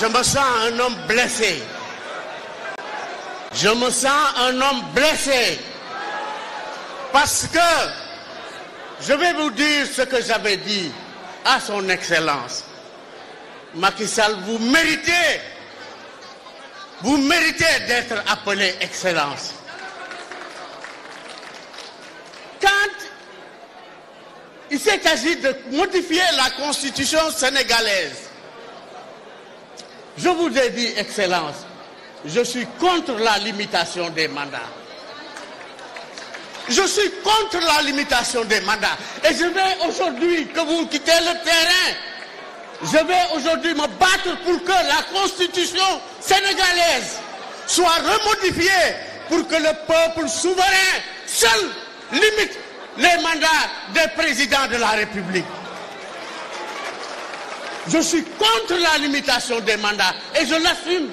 je me sens un homme blessé. Parce que je vais vous dire ce que j'avais dit à son excellence. Macky Sall, vous méritez, vous méritez d'être appelé excellence. Quand il s'est agi de modifier la constitution sénégalaise, Je vous ai dit, Excellence, je suis contre la limitation des mandats. Je suis des mandats. Et vais aujourd'hui, que vous quittez le terrain, je vais aujourd'hui me battre pour que la constitution sénégalaise soit remodifiée pour que le peuple souverain seul limite les mandats des présidents de la République. Je suis contre la limitation des mandats et je l'assume.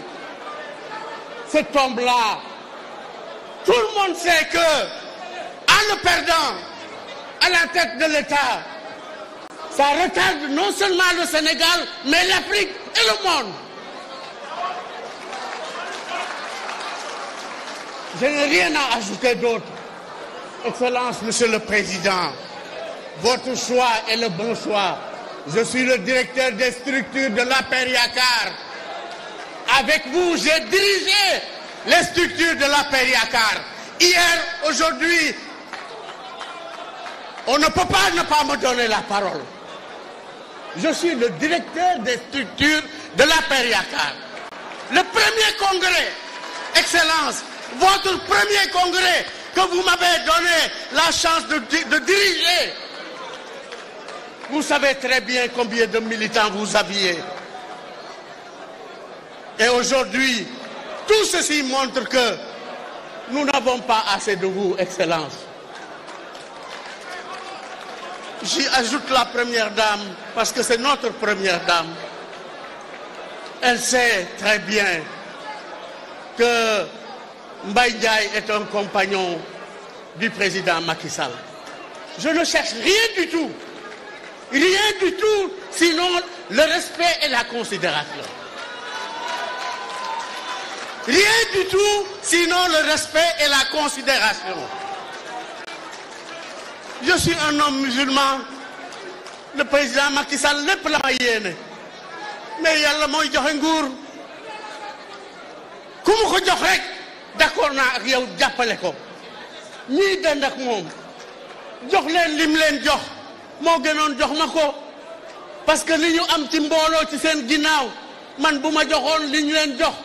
Cette tombe-là, tout le monde sait que, en le perdant à la tête de l'État, ça retarde non seulement le Sénégal, mais l'Afrique et le monde. Je n'ai rien à ajouter d'autre. Excellence, Monsieur le Président, votre choix est le bon choix. Je suis le directeur des structures de l'APR Yakar. Avec vous, j'ai dirigé les structures de l'APR Yakar. Hier, aujourd'hui, on ne peut pas ne pas me donner la parole. Je suis le directeur des structures de l'APR Yakar. Le premier congrès, Excellence, votre premier congrès que vous m'avez donné la chance de, de diriger, Vous savez très bien combien de militants vous aviez. Et aujourd'hui, tout ceci montre que nous n'avons pas assez de vous, Excellence. J'y ajoute la Première Dame, parce que c'est notre Première Dame. Elle sait très bien que Mbaye est un compagnon du président Macky Je ne cherche rien du tout Rien du tout, sinon le respect et la considération. Rien du tout, et la considération. Je suis un homme musulman. Le président Macky Sall lépp la ma yéene mais yàlla mooy joxe nguur ku mu ko jox rek d'accord naa ak yow jàppale ko ñii dend ak moom jox leen lim leen jox. moo gënoon jox ma ko parce que li ñu am ci mbooloo ci seen ginnaaw man bu ma joxoon li ñu leen jox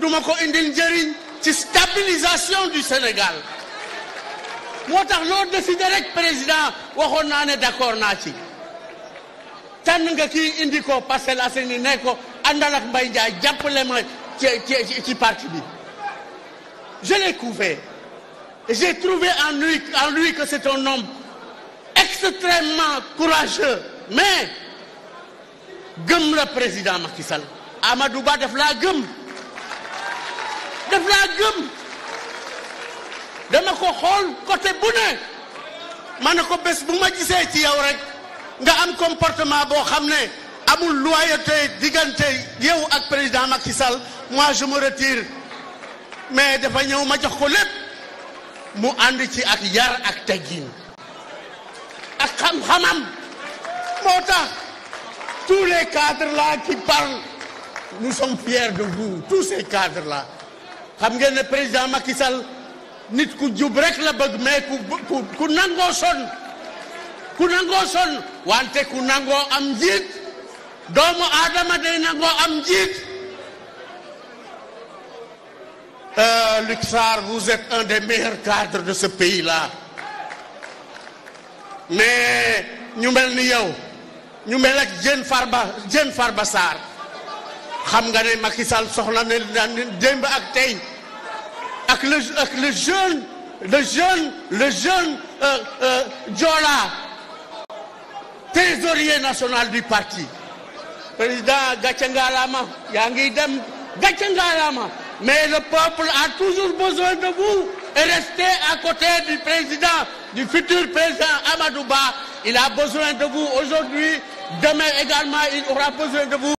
du ma ko indil njëriñ ci stabilisation du Sénégal moo tax loo décidé rek président waxoon naa ne d'accord naa ci tànn nga kii indi ko Parcelles Assainies ne ko àndal ak Mbaye Ndiaye jàppale ma ci ci ci parti bi je l'ai couvert j'ai trouvé en lui en lui que c'est extrêmement courageux mais gëm la président Macky Sall Amadou Ba def laa gëm daf laa gëm dama ko xool côté bu ne ma ne ko bés bu ma gisee ci yow rek nga am comportement boo xam ne amul loyauté diggante yow ak président Macky Sall moi je me retire mais dafa ñëw ma jox ko lépp mu ànd ci ak yar ak teggin xam-xamam les cadres là qui parlent nous sommes fiers de vous tous ces cadres là xam ngeen ne président Macky Sall nit ku jub rek la bëgg mais ku ku nangoo sonn ku nangoo sonn wante ku nangoo am njiit doomu aadama day nangoo am njiit euh, Luc vous êtes un des meilleurs cadres de ce pays là mais ñu mel ni yow ñu mel ak jën farba jën farba saar xam nga ne Macky Sall soxla ne démb ak tey ak le ak le jeune le jeune le jeune euh, euh, Joola national du parti président gàcce ngalaama yaa ngi dem gàcce ngalaama mais le peuple a toujours besoin de vous et restez à côté du président, du futur président Amadou Ba. Il a besoin de vous aujourd'hui. Demain également, il aura besoin de vous.